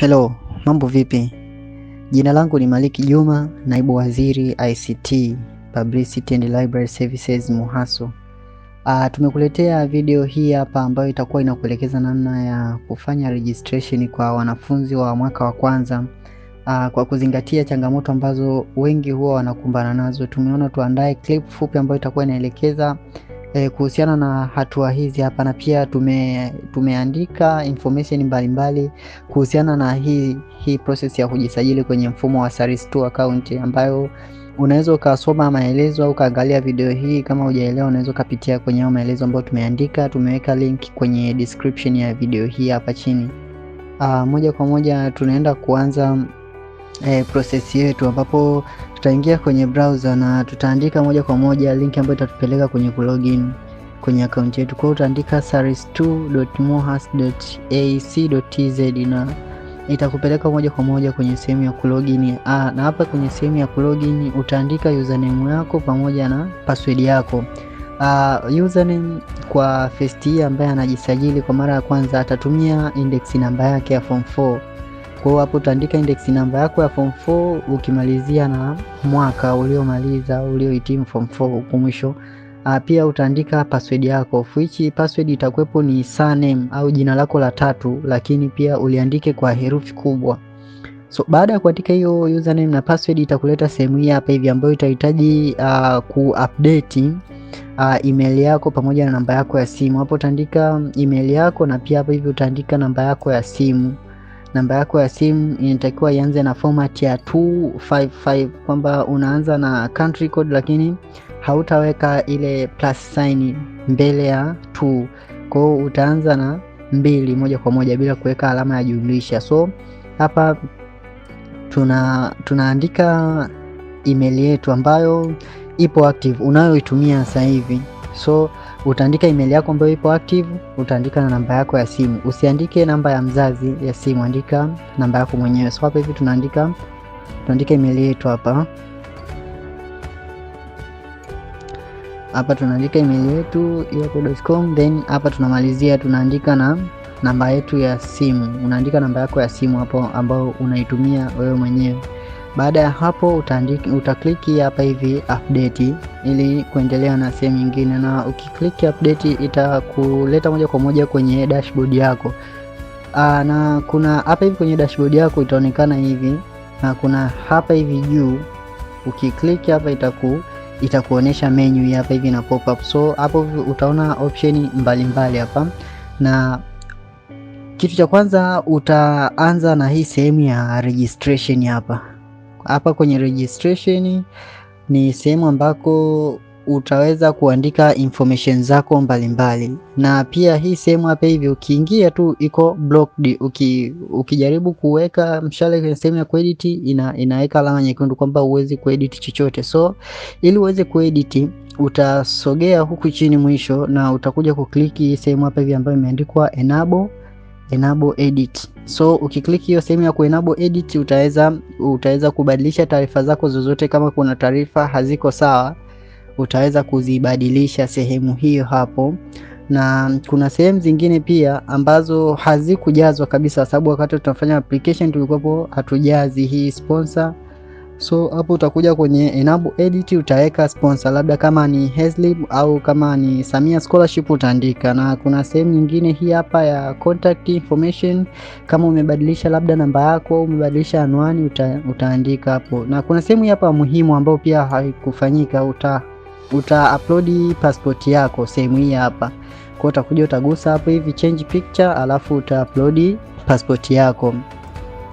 Hello, mambo vipi? Jina langu ni Maliki Juma, naibu waziri ICT, Publicity and Library Services MUHASO. Uh, tumekuletea video hii hapa ambayo itakuwa inakuelekeza namna ya kufanya registration kwa wanafunzi wa mwaka wa kwanza uh, kwa kuzingatia changamoto ambazo wengi huwa wanakumbana nazo. Tumeona tuandae clip fupi ambayo itakuwa inaelekeza e, kuhusiana na hatua hizi hapa, na pia tume, tumeandika information mbalimbali kuhusiana na hii, hii process ya kujisajili kwenye mfumo wa saris 2 account ambayo unaweza ukasoma maelezo au ukaangalia video hii. Kama hujaelewa, unaweza ukapitia kwenye hayo maelezo ambayo tumeandika. Tumeweka link kwenye description ya video hii hapa chini. Aa, ah, moja kwa moja tunaenda kuanza e, process yetu ambapo tutaingia kwenye browser na tutaandika moja kwa moja link ambayo itatupeleka kwenye kulogin kwenye account yetu. Kwa hiyo utaandika saris2.mohas.ac.tz na itakupeleka moja kwa moja kwenye sehemu ya kulogin ah, na hapa kwenye sehemu ya kulogin utaandika username yako pamoja na password yako. Uh, username kwa first year ambaye anajisajili kwa mara ya kwanza atatumia index namba yake ya form kwa hiyo hapo utaandika index namba yako ya form 4 ukimalizia na mwaka uliomaliza uliohitimu form 4 huko mwisho. Ah, pia utaandika password yako, which password itakuwepo ni surname au jina lako la tatu, lakini pia uliandike kwa herufi kubwa. So baada ya kuandika hiyo username na password, itakuleta sehemu hii hapa hivi ambayo itahitaji uh, ah, kuupdate uh, ah, email yako pamoja na namba yako ya simu. Hapo utaandika email yako na pia hapo hivi utaandika namba yako ya simu namba yako ya simu inatakiwa ianze na format ya 255 kwamba unaanza na country code, lakini hautaweka ile plus sign mbele ya 2. kwao utaanza na mbili moja kwa moja bila kuweka alama ya jumlisha. So hapa tuna tunaandika email yetu ambayo ipo active unayoitumia sasa hivi so utaandika email yako ambayo ipo active, utaandika na namba yako ya simu. Usiandike namba ya mzazi ya simu, andika namba yako mwenyewe. So hapa hivi tunaandika tunaandika email yetu hapa hapa tunaandika email yetu yahoo.com, then hapa tunamalizia tunaandika na namba yetu ya simu. Unaandika namba yako ya simu hapo ambayo unaitumia wewe mwenyewe. Baada ya hapo utaandika, utakliki hapa hivi update ili kuendelea na sehemu nyingine, na ukikliki update itakuleta moja kwa moja kwenye dashboard yako. Aa, ah, na kuna hapa hivi kwenye dashboard yako itaonekana hivi, na kuna hapa hivi juu ukikliki hapa itaku itakuonesha menu hapa hivi na pop up. So hapo utaona option mbalimbali hapa na kitu cha kwanza utaanza na hii sehemu ya registration hapa. Hapa kwenye registration ni sehemu ambako utaweza kuandika information zako mbalimbali mbali. Na pia hii sehemu hapa hivi ukiingia tu iko blocked. Uki, ukijaribu kuweka mshale kwenye sehemu ya kuedit ina, inaweka alama nyekundu kwamba uwezi kuedit chochote, so ili uweze kuedit utasogea huku chini mwisho na utakuja kukliki sehemu hapa hivi ambayo imeandikwa enable enable edit. So ukiklik hiyo sehemu ya kuenable edit utaweza utaweza kubadilisha taarifa zako zozote. Kama kuna taarifa haziko sawa, utaweza kuzibadilisha sehemu hiyo hapo, na kuna sehemu zingine pia ambazo hazikujazwa kabisa, sababu wakati tunafanya application tulikuwapo hatujazi hii sponsor So hapo utakuja kwenye enable edit, utaweka sponsor, labda kama ni HESLB au kama ni Samia Scholarship utaandika, na kuna sehemu nyingine hii hapa ya contact information. Kama umebadilisha labda namba yako au umebadilisha anwani uta, utaandika hapo, na kuna sehemu hapa muhimu ambayo pia haikufanyika, uta uta upload passport yako sehemu hii hapa kwa, utakuja utagusa hapo hivi change picture, alafu uta upload passport yako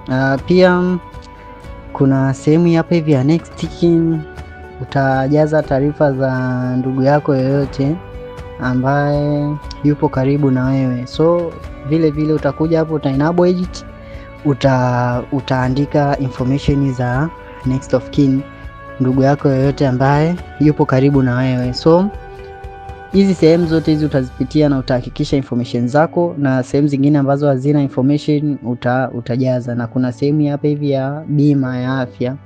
uh, pia kuna sehemu hapa hivi ya next kin, utajaza taarifa za ndugu yako yoyote ambaye yupo karibu na wewe. So vile vile utakuja hapo, uta enable edit, uta utaandika information za next of kin, ndugu yako yoyote ambaye yupo karibu na wewe so Hizi sehemu zote hizi utazipitia na utahakikisha information zako, na sehemu zingine ambazo hazina information uta, utajaza. Na kuna sehemu hapa hivi ya bima ya afya.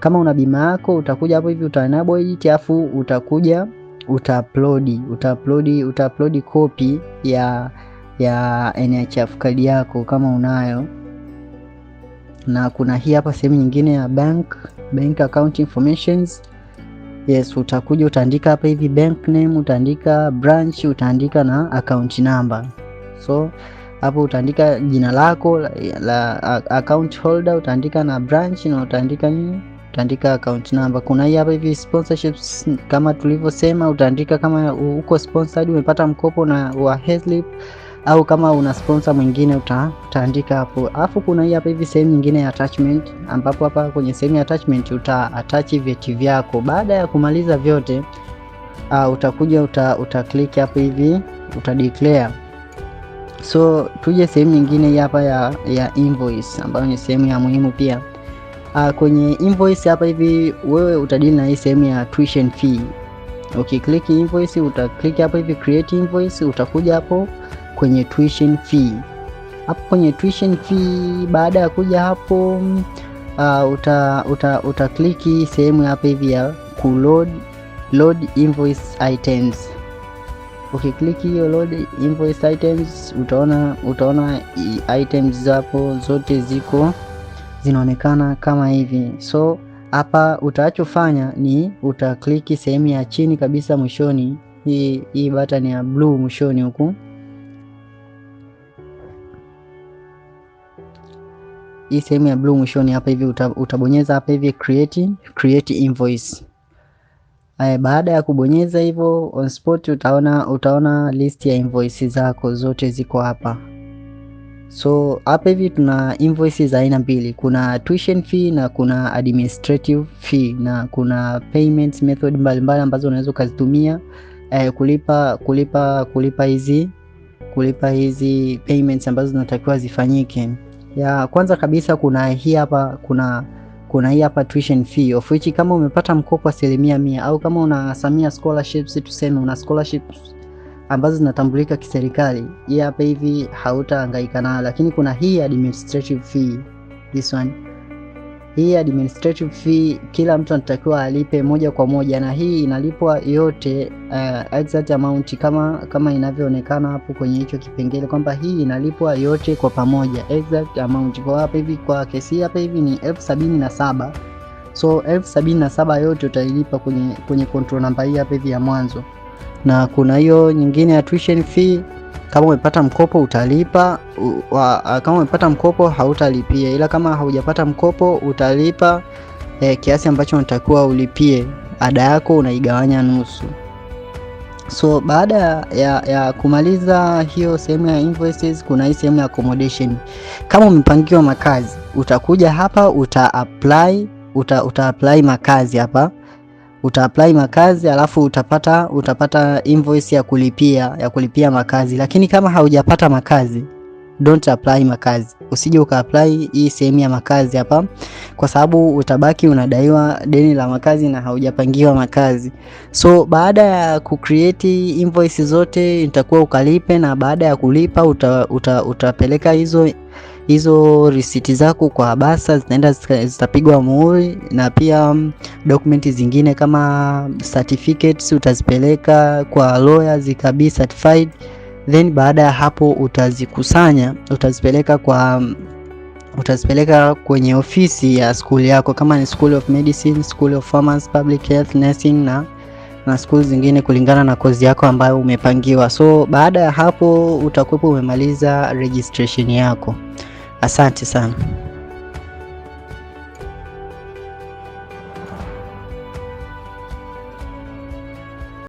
Kama una bima yako utakuja hapo hivi uta enable it, afu utakuja upload uta upload copy ya ya NHIF card yako kama unayo, na kuna hii hapa sehemu nyingine ya bank bank account informations Yes, utakuja utaandika hapa hivi bank name, utaandika branch, utaandika na account number. So hapo utaandika jina lako la, la account holder, utaandika na branch na utaandika nini? Utaandika account number. Kuna hii hapa hivi sponsorships, kama tulivyosema, utaandika kama uko sponsored, umepata mkopo na wa Help au kama una sponsor mwingine uta, utaandika hapo. Alafu kuna hii hapa hivi sehemu nyingine ya attachment, ambapo hapa kwenye sehemu ya attachment uta attach vyeti vyako. Baada ya kumaliza vyote uh, utakuja uta, uta click hapo hivi uta declare. So tuje sehemu nyingine hii hapa ya, ya invoice ambayo ni sehemu ya muhimu pia. Uh, kwenye invoice hapa hivi wewe utadili na hii sehemu ya tuition fee. Ukiklik invoice utaklik hapo hivi create invoice, utakuja hapo kwenye tuition fee. Hapo kwenye tuition fee, baada ya kuja hapo uh, uta, uta, uta sehemu hapa hivi ya ku load, load invoice items. Ukikliki hiyo load invoice items, utaona utaona items zapo zote ziko zinaonekana kama hivi. So hapa utachofanya ni utakliki sehemu ya chini kabisa mwishoni, hii hii button ya blue mwishoni huku hii sehemu ya blue mwishoni hapa hivi utabonyeza hapa hivi create, create invoice. Ae, baada ya kubonyeza hivyo on spot utaona, utaona list ya invoices zako zote ziko hapa. So hapa hivi tuna invoices za aina mbili, kuna tuition fee na kuna administrative fee na kuna payment method mbalimbali ambazo unaweza ukazitumia eh, kulipa kulipa kulipa hizi kulipa hizi payments ambazo zinatakiwa zifanyike ya kwanza kabisa kuna hii hapa kuna kuna hii hapa tuition fee of which kama umepata mkopo asilimia mia au kama una Samia scholarships, tuseme una scholarships ambazo zinatambulika kiserikali, hii hapa hivi hautahangaika nayo, lakini kuna hii administrative fee this one hii administrative fee kila mtu anatakiwa alipe moja kwa moja, na hii inalipwa yote uh, exact amount kama kama inavyoonekana hapo kwenye hicho kipengele kwamba hii inalipwa yote kwa pamoja exact amount. Kwa hapa hivi kwa kesi hapa hivi ni elfu sabini na saba so elfu sabini na saba yote utailipa kwenye kwenye control namba hii hapa hivi ya mwanzo, na kuna hiyo nyingine ya tuition fee kama umepata mkopo utalipa u, wa, kama umepata mkopo hautalipia, ila kama haujapata mkopo utalipa e, kiasi ambacho unatakiwa ulipie. Ada yako unaigawanya nusu. So baada ya, ya kumaliza hiyo sehemu ya invoices, kuna hii sehemu ya accommodation. Kama umepangiwa makazi, utakuja hapa uta apply uta, uta apply makazi hapa apply makazi alafu utapata utapata invoice ya kulipia ya kulipia makazi, lakini kama haujapata makazi don't apply makazi. Usije apply hii sehemu ya makazi hapa, kwa sababu utabaki unadaiwa deni la makazi na haujapangiwa makazi. So baada ya kucreate invoice zote, nitakuwa ukalipe, na baada ya kulipa uta, uta, utapeleka hizo hizo risiti zako kwa Habasa zitaenda zitapigwa muhuri, na pia mm, dokumenti zingine kama certificates utazipeleka kwa lawyer zikabi certified, then baada ya hapo utazikusanya utazipeleka kwa mm, utazipeleka kwenye ofisi ya skuli yako, kama ni School of Medicine, School of Pharmacy, Public Health, Nursing na na skuli zingine kulingana na kozi yako ambayo umepangiwa. So baada ya hapo utakuwepo umemaliza registration yako. Asante sana.